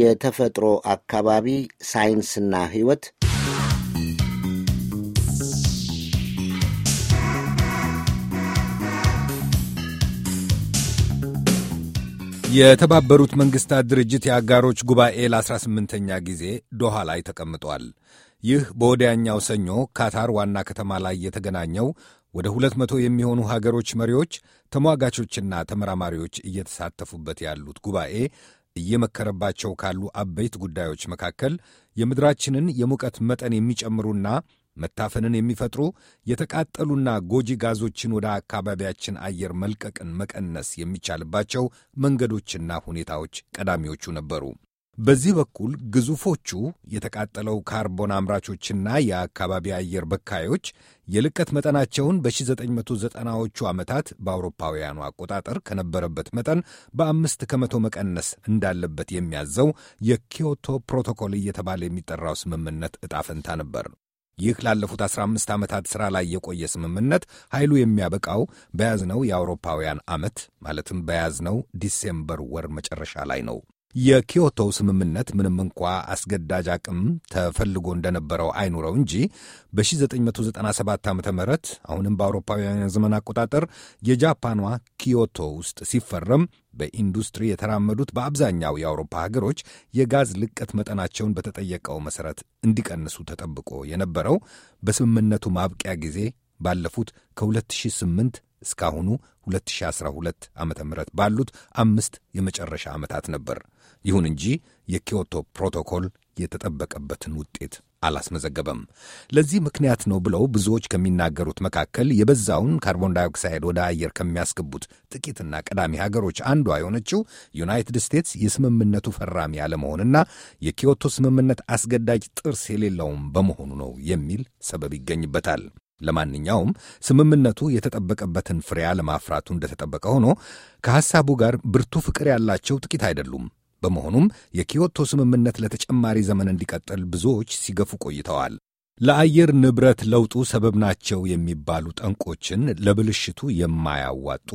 የተፈጥሮ አካባቢ ሳይንስና ሕይወት የተባበሩት መንግሥታት ድርጅት የአጋሮች ጉባኤ ለ18ኛ ጊዜ ዶሃ ላይ ተቀምጧል። ይህ በወዲያኛው ሰኞ ካታር ዋና ከተማ ላይ የተገናኘው ወደ ሁለት መቶ የሚሆኑ ሀገሮች መሪዎች፣ ተሟጋቾችና ተመራማሪዎች እየተሳተፉበት ያሉት ጉባኤ እየመከረባቸው ካሉ አበይት ጉዳዮች መካከል የምድራችንን የሙቀት መጠን የሚጨምሩና መታፈንን የሚፈጥሩ የተቃጠሉና ጎጂ ጋዞችን ወደ አካባቢያችን አየር መልቀቅን መቀነስ የሚቻልባቸው መንገዶችና ሁኔታዎች ቀዳሚዎቹ ነበሩ። በዚህ በኩል ግዙፎቹ የተቃጠለው ካርቦን አምራቾችና የአካባቢ አየር በካዮች የልቀት መጠናቸውን በ1990ዎቹ ዓመታት በአውሮፓውያኑ አቆጣጠር ከነበረበት መጠን በአምስት ከመቶ መቀነስ እንዳለበት የሚያዘው የኪዮቶ ፕሮቶኮል እየተባለ የሚጠራው ስምምነት ዕጣ ፈንታ ነበር። ይህ ላለፉት 15 ዓመታት ሥራ ላይ የቆየ ስምምነት ኃይሉ የሚያበቃው በያዝነው የአውሮፓውያን ዓመት ማለትም በያዝነው ዲሴምበር ወር መጨረሻ ላይ ነው። የኪዮቶው ስምምነት ምንም እንኳ አስገዳጅ አቅም ተፈልጎ እንደነበረው አይኑረው እንጂ በ1997 ዓ ም አሁንም በአውሮፓውያን ዘመን አቆጣጠር የጃፓኗ ኪዮቶ ውስጥ ሲፈረም በኢንዱስትሪ የተራመዱት በአብዛኛው የአውሮፓ ሀገሮች የጋዝ ልቀት መጠናቸውን በተጠየቀው መሠረት እንዲቀንሱ ተጠብቆ የነበረው በስምምነቱ ማብቂያ ጊዜ ባለፉት ከ2008 እስካሁኑ 2012 ዓ ም ባሉት አምስት የመጨረሻ ዓመታት ነበር። ይሁን እንጂ የኪዮቶ ፕሮቶኮል የተጠበቀበትን ውጤት አላስመዘገበም። ለዚህ ምክንያት ነው ብለው ብዙዎች ከሚናገሩት መካከል የበዛውን ካርቦን ዳይኦክሳይድ ወደ አየር ከሚያስገቡት ጥቂትና ቀዳሚ ሀገሮች አንዷ የሆነችው ዩናይትድ ስቴትስ የስምምነቱ ፈራሚ አለመሆንና የኪዮቶ ስምምነት አስገዳጅ ጥርስ የሌለውም በመሆኑ ነው የሚል ሰበብ ይገኝበታል። ለማንኛውም ስምምነቱ የተጠበቀበትን ፍሬያ ለማፍራቱ እንደተጠበቀ ሆኖ ከሐሳቡ ጋር ብርቱ ፍቅር ያላቸው ጥቂት አይደሉም። በመሆኑም የኪዮቶ ስምምነት ለተጨማሪ ዘመን እንዲቀጥል ብዙዎች ሲገፉ ቆይተዋል። ለአየር ንብረት ለውጡ ሰበብ ናቸው የሚባሉ ጠንቆችን ለብልሽቱ የማያዋጡ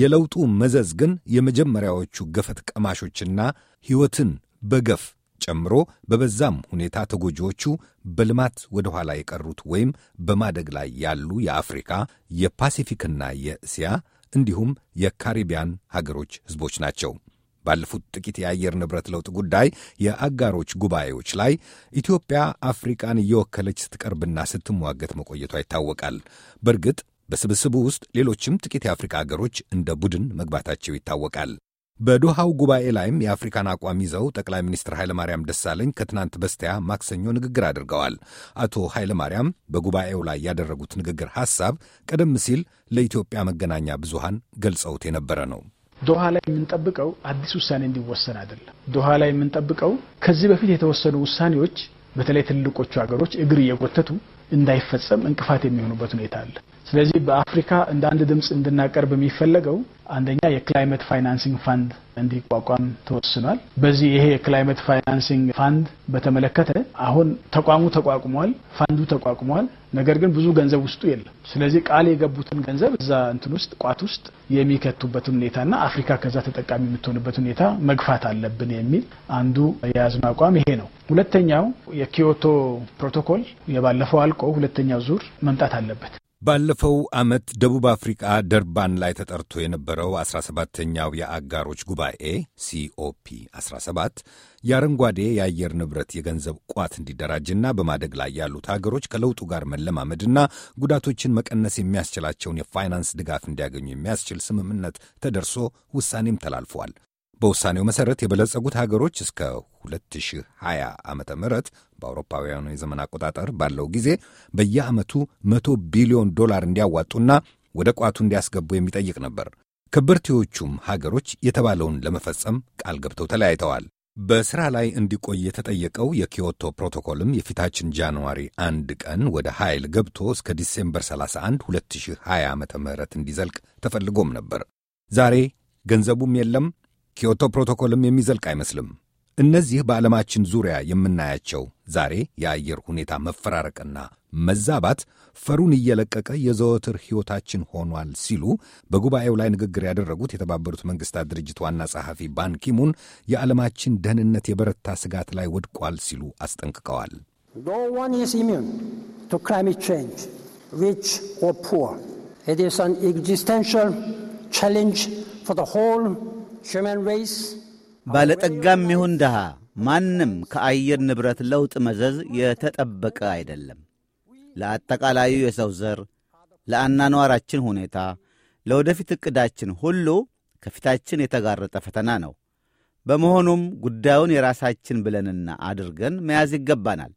የለውጡ መዘዝ ግን የመጀመሪያዎቹ ገፈት ቀማሾችና ሕይወትን በገፍ ጨምሮ በበዛም ሁኔታ ተጎጂዎቹ በልማት ወደ ኋላ የቀሩት ወይም በማደግ ላይ ያሉ የአፍሪካ የፓሲፊክና የእስያ እንዲሁም የካሪቢያን ሀገሮች ህዝቦች ናቸው። ባለፉት ጥቂት የአየር ንብረት ለውጥ ጉዳይ የአጋሮች ጉባኤዎች ላይ ኢትዮጵያ አፍሪቃን እየወከለች ስትቀርብና ስትሟገት መቆየቷ ይታወቃል። በእርግጥ በስብስቡ ውስጥ ሌሎችም ጥቂት የአፍሪካ አገሮች እንደ ቡድን መግባታቸው ይታወቃል። በዶሃው ጉባኤ ላይም የአፍሪካን አቋም ይዘው ጠቅላይ ሚኒስትር ኃይለማርያም ደሳለኝ ከትናንት በስቲያ ማክሰኞ ንግግር አድርገዋል። አቶ ኃይለማርያም በጉባኤው ላይ ያደረጉት ንግግር ሐሳብ ቀደም ሲል ለኢትዮጵያ መገናኛ ብዙሃን ገልጸውት የነበረ ነው። ዶሃ ላይ የምንጠብቀው አዲስ ውሳኔ እንዲወሰን አይደለም። ዶሃ ላይ የምንጠብቀው ከዚህ በፊት የተወሰኑ ውሳኔዎች በተለይ ትልቆቹ ሀገሮች እግር እየጎተቱ እንዳይፈጸም እንቅፋት የሚሆኑበት ሁኔታ አለ። ስለዚህ በአፍሪካ እንደ አንድ ድምፅ እንድናቀርብ የሚፈለገው አንደኛ የክላይመት ፋይናንሲንግ ፋንድ እንዲቋቋም ተወስኗል። በዚህ ይሄ የክላይመት ፋይናንሲንግ ፋንድ በተመለከተ አሁን ተቋሙ ተቋቁሟል፣ ፋንዱ ተቋቁሟል። ነገር ግን ብዙ ገንዘብ ውስጡ የለም። ስለዚህ ቃል የገቡትን ገንዘብ እዛ እንትን ውስጥ ቋት ውስጥ የሚከቱበትን ሁኔታና አፍሪካ ከዛ ተጠቃሚ የምትሆንበት ሁኔታ መግፋት አለብን የሚል አንዱ የያዝነው አቋም ይሄ ነው። ሁለተኛው የኪዮቶ ፕሮቶኮል የባለፈው አልቆ ሁለተኛው ዙር መምጣት አለበት። ባለፈው ዓመት ደቡብ አፍሪቃ ደርባን ላይ ተጠርቶ የነበረው 17ተኛው የአጋሮች ጉባኤ ሲኦፒ 17 የአረንጓዴ የአየር ንብረት የገንዘብ ቋት እንዲደራጅና በማደግ ላይ ያሉት ሀገሮች ከለውጡ ጋር መለማመድና ጉዳቶችን መቀነስ የሚያስችላቸውን የፋይናንስ ድጋፍ እንዲያገኙ የሚያስችል ስምምነት ተደርሶ ውሳኔም ተላልፏል። በውሳኔው መሠረት የበለጸጉት ሀገሮች እስከ 2020 ዓ ም በአውሮፓውያኑ የዘመን አቆጣጠር ባለው ጊዜ በየዓመቱ 100 ቢሊዮን ዶላር እንዲያዋጡና ወደ ቋቱ እንዲያስገቡ የሚጠይቅ ነበር። ከበርቴዎቹም ሀገሮች የተባለውን ለመፈጸም ቃል ገብተው ተለያይተዋል። በሥራ ላይ እንዲቆይ የተጠየቀው የኪዮቶ ፕሮቶኮልም የፊታችን ጃንዋሪ አንድ ቀን ወደ ኃይል ገብቶ እስከ ዲሴምበር 31 2020 ዓ ም እንዲዘልቅ ተፈልጎም ነበር። ዛሬ ገንዘቡም የለም ኪዮቶ ፕሮቶኮልም የሚዘልቅ አይመስልም። እነዚህ በዓለማችን ዙሪያ የምናያቸው ዛሬ የአየር ሁኔታ መፈራረቅና መዛባት ፈሩን እየለቀቀ የዘወትር ሕይወታችን ሆኗል ሲሉ በጉባኤው ላይ ንግግር ያደረጉት የተባበሩት መንግሥታት ድርጅት ዋና ጸሐፊ ባንኪሙን የዓለማችን ደህንነት የበረታ ስጋት ላይ ወድቋል ሲሉ አስጠንቅቀዋል። ሪች ኦር ፑር ኢት ኢዝ አን ኤግዚስተንሻል ቻሌንጅ ፎር ዘ ሆል ባለጠጋም ይሁን ድሃ ማንም ከአየር ንብረት ለውጥ መዘዝ የተጠበቀ አይደለም። ለአጠቃላዩ የሰው ዘር፣ ለአናኗራችን ሁኔታ፣ ለወደፊት ዕቅዳችን ሁሉ ከፊታችን የተጋረጠ ፈተና ነው። በመሆኑም ጉዳዩን የራሳችን ብለንና አድርገን መያዝ ይገባናል።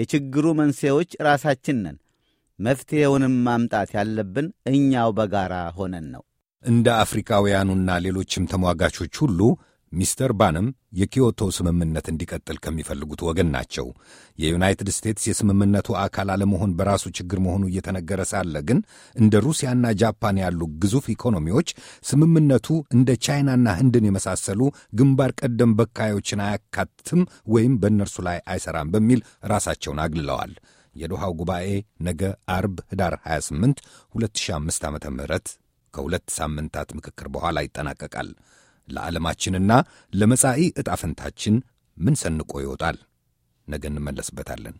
የችግሩ መንስኤዎች ራሳችን ነን። መፍትሔውንም ማምጣት ያለብን እኛው በጋራ ሆነን ነው። እንደ አፍሪካውያኑና ሌሎችም ተሟጋቾች ሁሉ ሚስተር ባንም የኪዮቶ ስምምነት እንዲቀጥል ከሚፈልጉት ወገን ናቸው። የዩናይትድ ስቴትስ የስምምነቱ አካል አለመሆን በራሱ ችግር መሆኑ እየተነገረ ሳለ ግን እንደ ሩሲያና ጃፓን ያሉ ግዙፍ ኢኮኖሚዎች ስምምነቱ እንደ ቻይናና ህንድን የመሳሰሉ ግንባር ቀደም በካዮችን አያካትትም ወይም በእነርሱ ላይ አይሰራም በሚል ራሳቸውን አግልለዋል። የዶሃው ጉባኤ ነገ አርብ ህዳር 28 2005 ም ከሁለት ሳምንታት ምክክር በኋላ ይጠናቀቃል። ለዓለማችንና ለመጻኢ ዕጣ ፈንታችን ምን ሰንቆ ይወጣል? ነገ እንመለስበታለን።